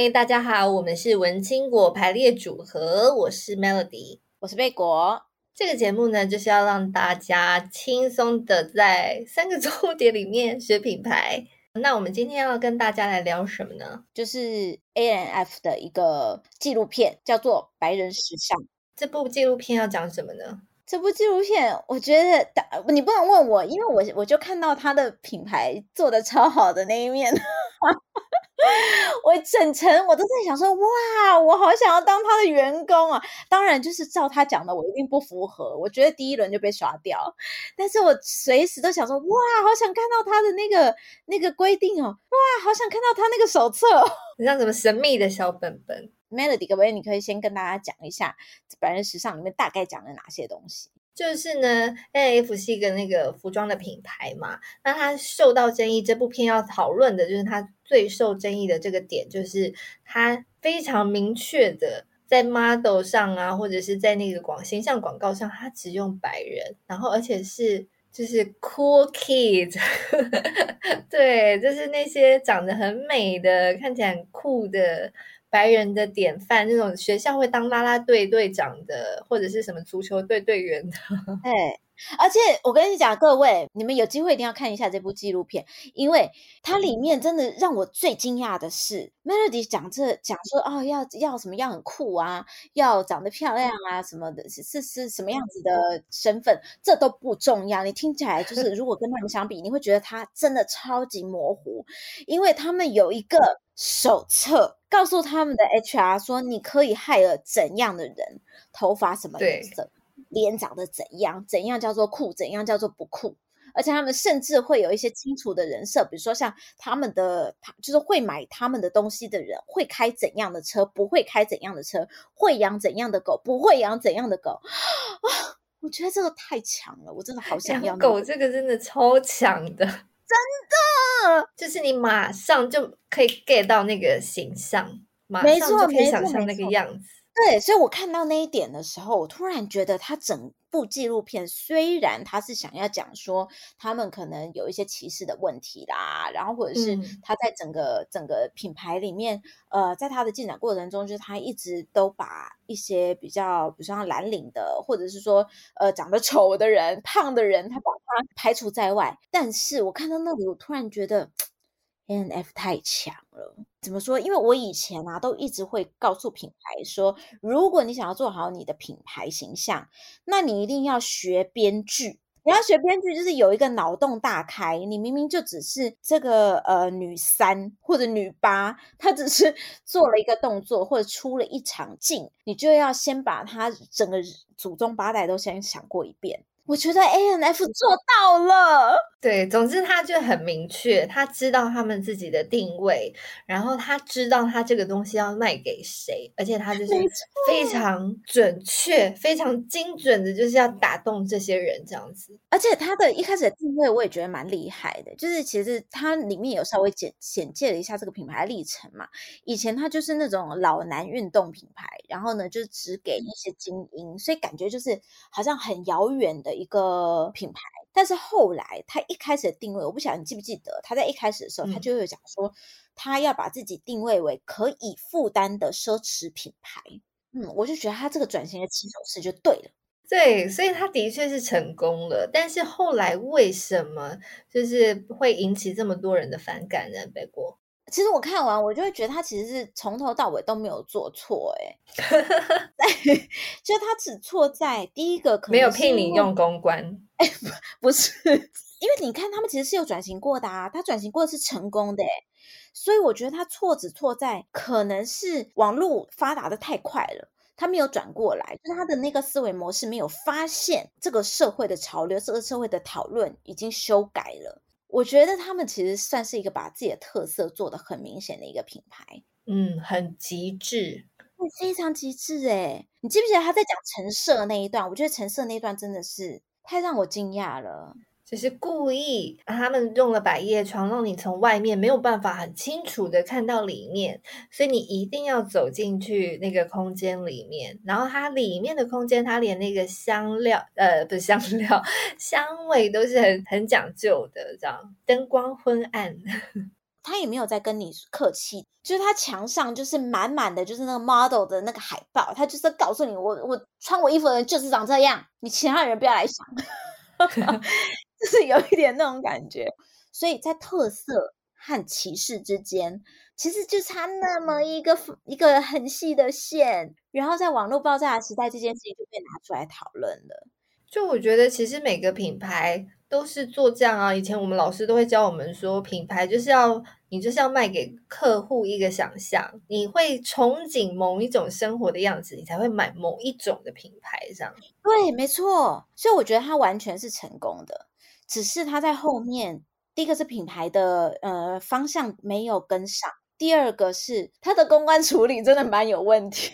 嗨，大家好，我們是文青果排列組合，我是 Melody，我是貝果。這個節目呢，就是要讓大家輕鬆的在三個重點裡面學品牌。那我們今天要跟大家來聊什麼呢？就是 A&F 的一個紀錄片，叫做《白人時尚》。這部紀錄片要講什麼呢？這部紀錄片，我覺得你不能問我，因為我我就看到他的品牌做得超好的那一面， 我整程我都在想說，哇，我好想要當他的員工啊！當然，就是照他講的，我一定不符合。我覺得第一輪就被刷掉，但是我隨時都想說，哇，好想看到他的那個那個規定哦，哇，好想看到他那個手冊哦，你像什麼神秘的小本本。Melody，各位，你可以先跟大家講一下《白人時尚》裡面大概講了哪些東西？就是呢，AF 是一個那個服裝的品牌嘛。那它受到爭議，這部片要討論的就是它最受爭議的這個點，就是它非常明確的在 model 上啊，或者是在那個廣形象廣告上，它只用白人，然後而且是就是 cool kids， 對，就是那些長得很美的、看起來很酷的。白人的典範，那種學校會當啦啦隊隊長的，或者是什麼足球隊隊員的，嘿。而且我跟你講，各位，你們有機會一定要看一下這部紀錄片，因為它裡面真的讓我最驚訝的是 ，Melody 講這講說哦，要要什麼樣很酷啊，要長得漂亮啊，什麼的，是是，是什麼樣子的身份，這都不重要。你聽起來就是，如果跟他們相比， 你會覺得他真的超級模糊，因為他們有一個手冊，告訴他們的 HR 說，你可以害了怎樣的人，頭髮什麼顏色。臉長得怎樣？怎樣叫做酷？怎樣叫做不酷？而且他們甚至會有一些清楚的人設，比如說像他們的，他就是會買他們的東西的人，會開怎樣的車？不會開怎樣的車？會養怎樣的狗？不會養怎樣的狗？啊、哦！我覺得這個太強了，我真的好想要養狗。狗這個真的超強的，真的就是你馬上就可以 get 到那個形象，馬上就可以想象那個樣子。對，所以我看到那一點的時候，我突然覺得他整部紀錄片雖然他是想要講說他們可能有一些歧視的問題啦，然後或者是他在整個、嗯、整個品牌裡面，呃，在他的進展過程中，就是他一直都把一些比較，比如說藍領的，或者是說呃長得醜的人、胖的人，他把他排除在外。但是我看到那裡，我突然覺得。A&F 太強了，怎麼說？因為我以前啊，都一直會告訴品牌說，如果你想要做好你的品牌形象，那你一定要學編劇。你要學編劇，就是有一個腦洞大開。你明明就只是這個呃女三或者女八，她只是做了一個動作或者出了一場鏡，你就要先把她整個祖宗八代都先想過一遍。我覺得 A&F 做到了，對，總之他就很明確，他知道他們自己的定位，然後他知道他這個東西要賣給誰，而且他就是非常準確、非常精準的，就是要打動這些人這樣子。而且他的一開始的定位我也覺得蠻厲害的，就是其實他裡面有稍微簡簡介了一下這個品牌歷程嘛，以前他就是那種老男運動品牌，然後呢就只給一些精英，所以感覺就是好像很遙遠的。一個品牌，但是後來他一開始的定位，我不曉得你記不記得，他在一開始的時候，他就有講說，他、嗯、要把自己定位為可以負擔的奢侈品牌。嗯，我就覺得他這個轉型的起手式就對了。對，所以他的確是成功了。但是後來為什麼就是會引起這麼多人的反感呢？貝果。其實我看完，我就會覺得他其實是從頭到尾都沒有做錯、欸，哎，對，就他只錯在第一個可能是，沒有聘你用公關，哎、欸，不是， 因為你看他們其實是有轉型過的啊，他轉型過的是成功的、欸，所以我覺得他錯只錯在可能是網絡發達的太快了，他沒有轉過來，就他的那個思維模式沒有發現這個社會的潮流，這個社會的討論已經修改了。我覺得他們其實算是一個把自己的特色做得很明顯的一個品牌，嗯，很極致，非常極致誒，欸，你記不記得他在講橙色那一段？我覺得橙色那一段真的是太讓我驚訝了。就是故意，他們用了百葉窗，床讓你從外面沒有辦法很清楚的看到裡面，所以你一定要走進去那個空間裡面。然後它裡面的空間，它連那個香料，呃，不是香料，香味都是很很講究的，這樣燈光昏暗，他也沒有在跟你客氣，就是他牆上就是滿滿的就是那個 model 的那個海報，他就是告訴你，我我穿我衣服的人就是長這樣，你其他人不要來想。 就 是有一點那種感覺，所以在特色和歧視之間，其實就差那麼一個一個很細的線，然後在網絡爆炸的時代，這件事情就被拿出來討論了。就我覺得，其實每個品牌都是做這樣啊。以前我們老師都會教我們說，品牌就是要。你就是要賣給客戶一個想象，你會憧憬某一種生活的樣子，你才會買某一種的品牌，這樣子。對，沒錯。所以我覺得它完全是成功的，只是它在後面，第一個是品牌的呃方向沒有跟上，第二個是它的公關處理真的蠻有問題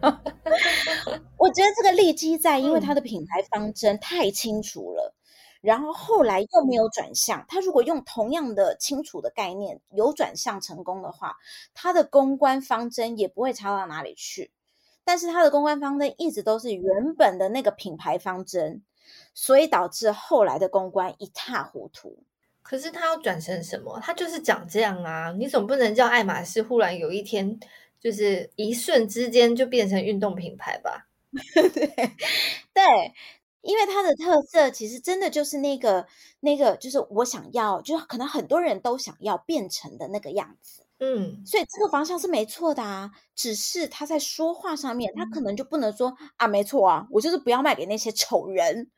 的。。 我覺得這個利基在，因為它的品牌方針太清楚了。然後後來又沒有轉向，他如果用同樣的清楚的概念有轉向成功的話，他的公關方針也不會差到哪裡去。但是他的公關方針一直都是原本的那個品牌方針，所以導致後來的公關一塌糊塗。可是他要轉成什麼？他就是長這樣啊，你總不能叫愛馬仕忽然有一天就是一瞬之間就變成運動品牌吧？對 對。對因為他的特色其實真的就是那個那個，就是我想要，就是可能很多人都想要變成的那個樣子，嗯，所以這個方向是沒錯的啊。只是他在說話上面，他可能就不能說、嗯、啊，沒錯啊，我就是不要賣給那些醜人，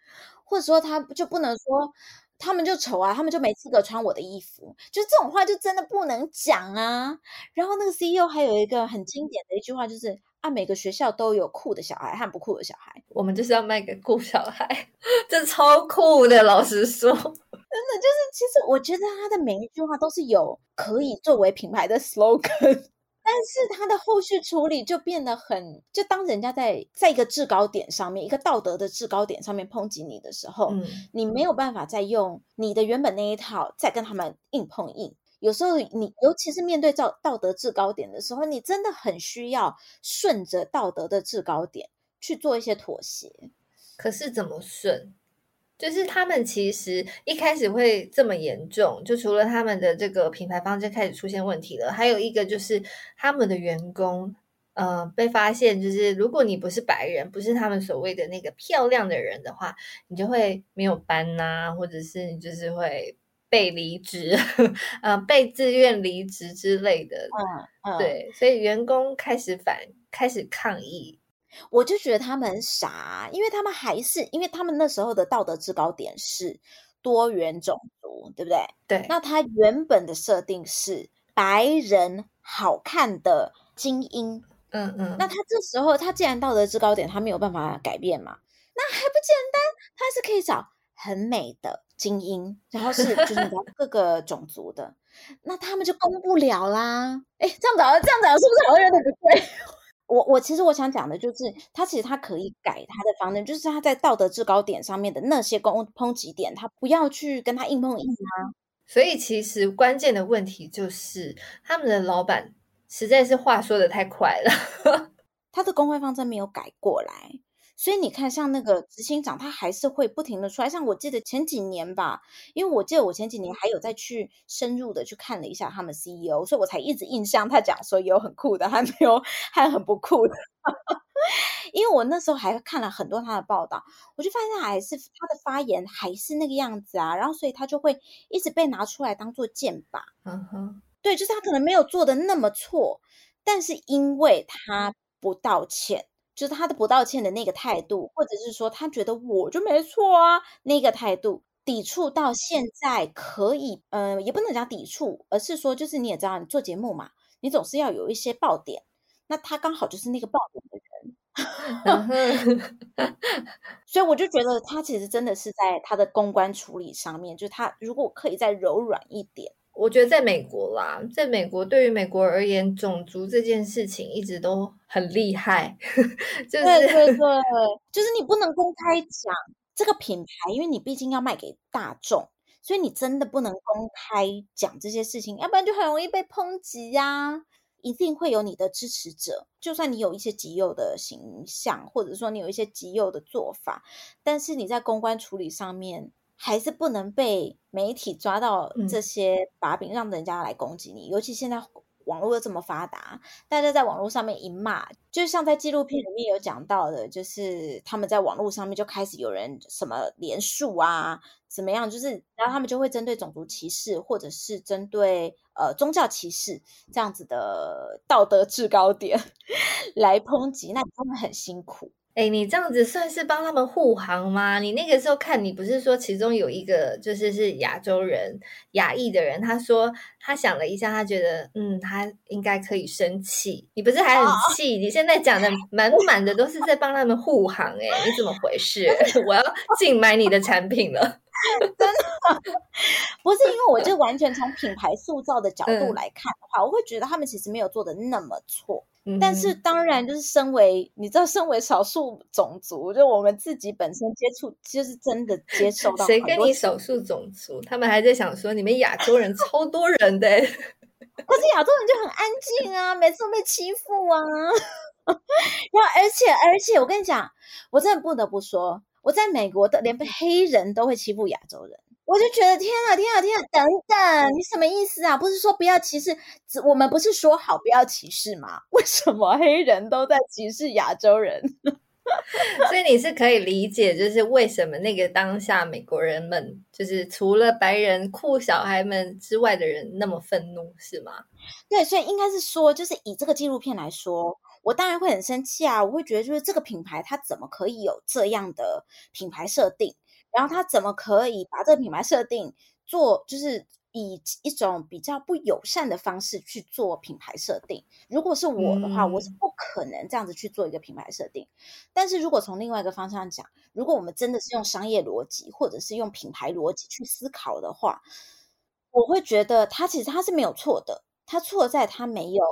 或者說他就不能說、嗯、他們就醜啊，他們就沒資格穿我的衣服，就這種話就真的不能講啊。然後那個 CEO 還有一個很經典的一句話就是。啊，每個學校都有酷的小孩和不酷的小孩，我們就是要賣給酷小孩，這超酷的。老實說，真的就是，其實我覺得他的每一句話都是有可以作為品牌的 slogan，嗯，但是他的後續處理就變得很，就當人家在在一個制高點上面，一個道德的制高點上面抨擊你的時候，嗯，你沒有辦法再用你的原本那一套再跟他們硬碰硬。有時候你，你尤其是面對道道德制高點的時候，你真的很需要順着道德的制高點去做一些妥協。可是怎麼順？就是他們其實一開始會這麼嚴重，就除了他們的這個品牌方就開始出現問題了，還有一個就是他們的員工，呃，被發現就是如果你不是白人，不是他們所謂的那個漂亮的人的話，你就會沒有班啊，或者是你就是會。被離職，呃，被自願離職之類的，嗯嗯，對，所以員工開始反，開始抗議，我就覺得他們很傻，因為他們還是，因為他們那時候的道德制高點是多元種族，對不對？對，那他原本的設定是白人好看的精英，嗯嗯，那他這時候他既然道德制高點他沒有辦法改變嘛，那還不簡單，他是可以找很美的。精英，然後是就是各個種族的， 那他們就攻不了啦。哎，這樣講，這樣講是不是好像有點不對？ 我我其實我想講的就是，他其實他可以改他的方針，就是他在道德制高點上面的那些攻抨擊點，他不要去跟他硬碰硬啊。所以其實關鍵的問題就是，他們的老闆實在是話說的太快了， 他的公關方針沒有改過來。所以你看，像那個執行長，他還是會不停的出來。像我記得前幾年吧，因為我記得我前幾年還有再去深入的去看了一下他們 CEO，所以我才一直印象他講說有很酷的，還有還很不酷的。 因為我那時候還看了很多他的報道，我就發現還是他的發言還是那個樣子啊。然後所以，他就會一直被拿出來當做箭靶。嗯哼，對，就是他可能沒有做的那麼錯，但是因為他不道歉。就是他的不道歉的那個態度，或者是說他覺得我就沒錯啊，那個態度抵觸到現在可以，嗯、呃，也不能講抵觸，而是說，就是你也知道，你做節目嘛，你總是要有一些爆點，那他剛好就是那個爆點的人， 所以我就覺得他其實真的是在他的公關處理上面，就是他如果可以再柔軟一點。我覺得在美國啦，在美國對於美國而言，種族這件事情一直都很厲害，就是，對對對，就是你不能公開講這個品牌，因為你畢竟要賣給大眾，所以你真的不能公開講這些事情，要不然就很容易被抨擊呀、啊。一定會有你的支持者，就算你有一些極右的形象，或者說你有一些極右的做法，但是你在公關處理上面，還是不能被媒體抓到這些把柄，嗯，讓人家來攻擊你。尤其現在網絡又這麼發達，大家在網絡上面一罵，就像在紀錄片裡面有講到的，就是他們在網絡上面就開始有人什麼連署啊，怎麼樣，就是然後他們就會針對種族歧視或者是針對呃宗教歧視這樣子的道德制高點來抨擊，那他們很辛苦。哎、欸，你這樣子算是幫他們護航嗎？你那個時候看你不是說，其中有一個就是是亞洲人、亞裔的人，他說他想了一下，他覺得嗯，他應該可以生氣。你不是還很氣？Oh. 你現在講的滿滿的都是在幫他們護航、欸，哎， 你怎麼回事？我要禁買你的產品了，真 的 不是因為我就完全從品牌塑造的角度來看的話，嗯、我會覺得他們其實沒有做得那麼錯。但是當然，就是身為、嗯、你知道，身為少數種族，就我們自己本身接觸，就是真的接受到誰跟你少數種族，他們還在想說你們亞洲人超多人的，欸，可是亞洲人就很安靜啊， 每次都被欺負啊，然 後而且而且我跟你講，我真的不得不說，我在美國的，連被黑人都會欺負亞洲人。我就覺得天啊，天啊，天啊，等等，你什麼意思啊？不是說不要歧視，我們不是說好不要歧視嗎？為什麼黑人都在歧視亞洲人？ 所以你是可以理解，就是為什麼那個當下美國人們，就是除了白人酷小孩們之外的人那麼憤怒，是嗎？對，所以應該是說，就是以這個紀錄片來說，我當然會很生氣啊！我會覺得，就是這個品牌它怎麼可以有這樣的品牌設定？然後他怎麼可以把這個品牌設定做，就是以一種比較不友善的方式去做品牌設定？如果是我的話，我是不可能這樣子去做一個品牌設定。但是如果從另外一個方向講，如果我們真的是用商業邏輯或者是用品牌邏輯去思考的話，我會覺得他其實他是沒有錯的，他錯在他沒有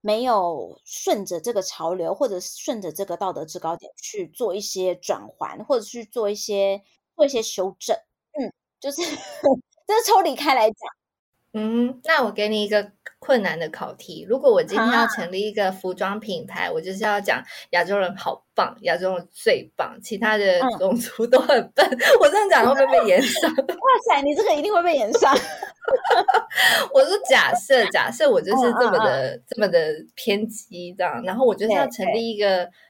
沒有順着這個潮流或者順着這個道德制高點去做一些轉換，或者去做一些。做一些修正。嗯，就是這是抽離開來講。嗯，那我給你一個困難的考題，如果我今天要成立一個服裝品牌，啊啊，我就是要講亞洲人好棒，亞洲人最棒，其他的種族都很笨。嗯，我這樣講會不會被炎上？ 哇塞，你這個一定會被炎上。 我是假設，假設我就是這麼的，oh, uh, uh, uh. 這麼的偏激這樣，然後我就是要成立一個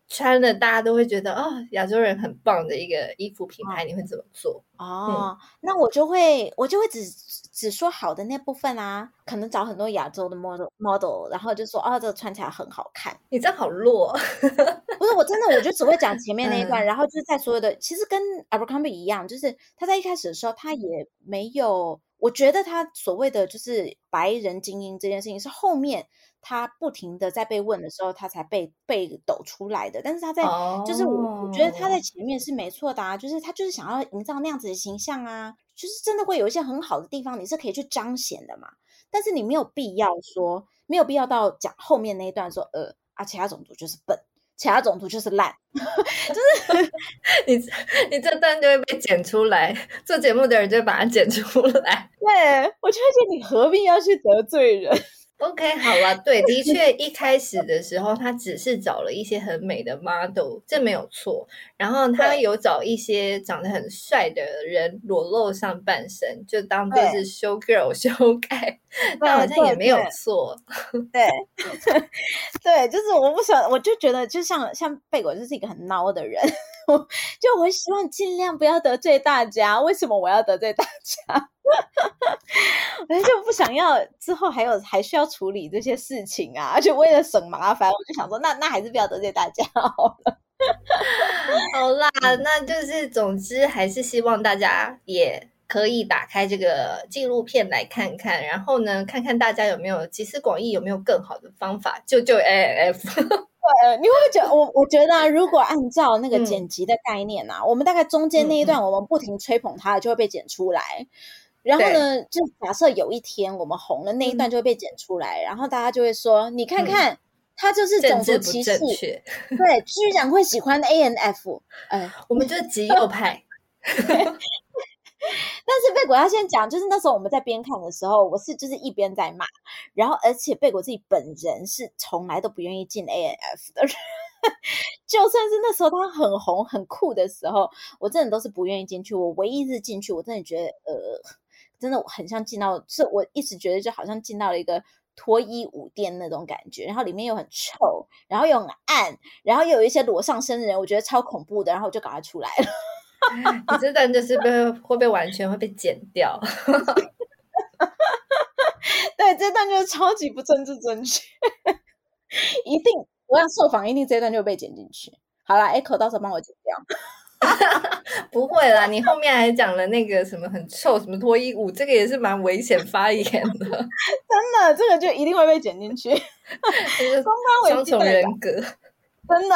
穿的、okay, okay. 大家都會覺得啊、哦，亞洲人很棒的一個衣服品牌，oh. 你會怎麼做？哦、oh, 嗯，那我就會，我就會只只說好的那部分啊，可能找很多亞洲的 model model，然後就說啊、哦，這穿起來很好看。你這樣好弱、哦， 不是我真的，我就只會講前面那一段， 嗯、然後就是在所有的，其實跟 Abercrombie 一樣，就是他在一開始的時候，他也沒有。我覺得他所謂的就是白人精英這件事情，是後面他不停的在被問的時候，他才被被抖出來的。但是他在，oh. 就是我我覺得他在前面是沒錯的啊，就是他就是想要營造那樣子的形象啊，就是真的會有一些很好的地方，你是可以去彰顯的嘛。但是你沒有必要說，沒有必要到講後面那一段說，呃，啊，其他種族就是笨。其他種族就是爛， 就是你你這段就會被剪出來，做節目的人就會把它剪出來。對，我就會說你何必要去得罪人？OK，好了，對，的確 一開始的時候，他只是找了一些很美的 model，這沒有錯。然後他有找一些長得很帥的人裸露上半身，就當做是 show girl 修改。但好像也沒有錯 對，對，就是我不想，我就覺得，就像像貝果就是一個很孬的人， 我就就我希望盡量不要得罪大家。為什麼我要得罪大家？ 我就不想要之後還有還需要處理這些事情啊，而且為了省麻煩，我就想說，那那還是不要得罪大家好了。 好啦，那就是總之還是希望大家也。可以打開這個紀錄片來看看，然後呢，看看大家有沒有集思廣益，義有沒有更好的方法救救 A&F？ 對，你會不會覺我我覺得、啊，如果按照那個剪輯的概念啊、嗯，我們大概中間那一段我們不停吹捧他，就會被剪出來。嗯、然後呢，就假設有一天我們紅了那一段就會被剪出來、嗯，然後大家就會說：“你看看，嗯、他就是種族歧視。” 對，居然會喜歡 A&F？、呃、我們就是極右派。 對我要先講，就是那時候我們在邊看的時候，我是就是一邊在罵，然後而且貝果自己本人是從來都不願意進 A&F 的 就算是那時候他很紅很酷的時候，我真的都是不願意進去。我唯一是進去，我真的覺得呃，真的很像進到，是我一直覺得就好像進到了一個脫衣舞店那種感覺，然後裡面又很臭，然後又很暗，然後又有一些裸上身的人，我覺得超恐怖的，然後我就趕快出來了。 你這段就是被會被完全會被剪掉。 對，這段就是超級不政治正確， 一定我要受訪，一定這段就被剪進去。好啦，Echo，到時候幫我剪掉。 不會啦，你後面還講了那個什麼很臭，什麼脫衣舞，這個也是蠻危險發言的， 真的，這個就一定會被剪進去，就是裝裝人格，真的。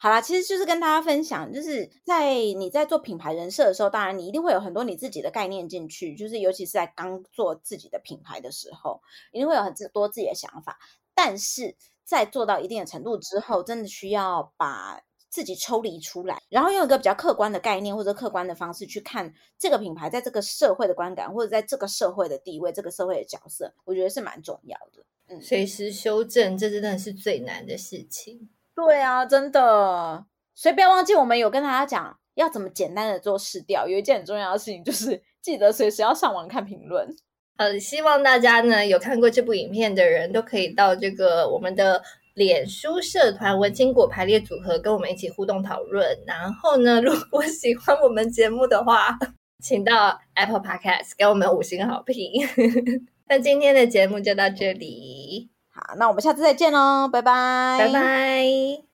好啦，其實就是跟大家分享，就是在你在做品牌人設的時候，當然你一定會有很多你自己的概念進去，就是尤其是在剛做自己的品牌的時候，一定會有很多自己的想法。但是在做到一定的程度之後，真的需要把自己抽離出來，然後用一個比較客觀的概念或者客觀的方式去看這個品牌在這個社會的觀感，或者在這個社會的地位、這個社會的角色，我覺得是蠻重要的。嗯，隨時修正，這真的是最難的事情。對啊，真的，所以不要忘記，我們有跟大家講要怎麼簡單的做市調。有一件很重要的事情，就是記得隨時要上網看評論。呃，希望大家呢有看過這部影片的人都可以到這個我們的臉書社團“文青果排列組合”跟我們一起互動討論。然後呢，如果喜歡我們節目的話，請到 Apple Podcast 給我們五星好評。 那今天的節目就到這裡。那我們下次再見嘍，拜拜，拜拜。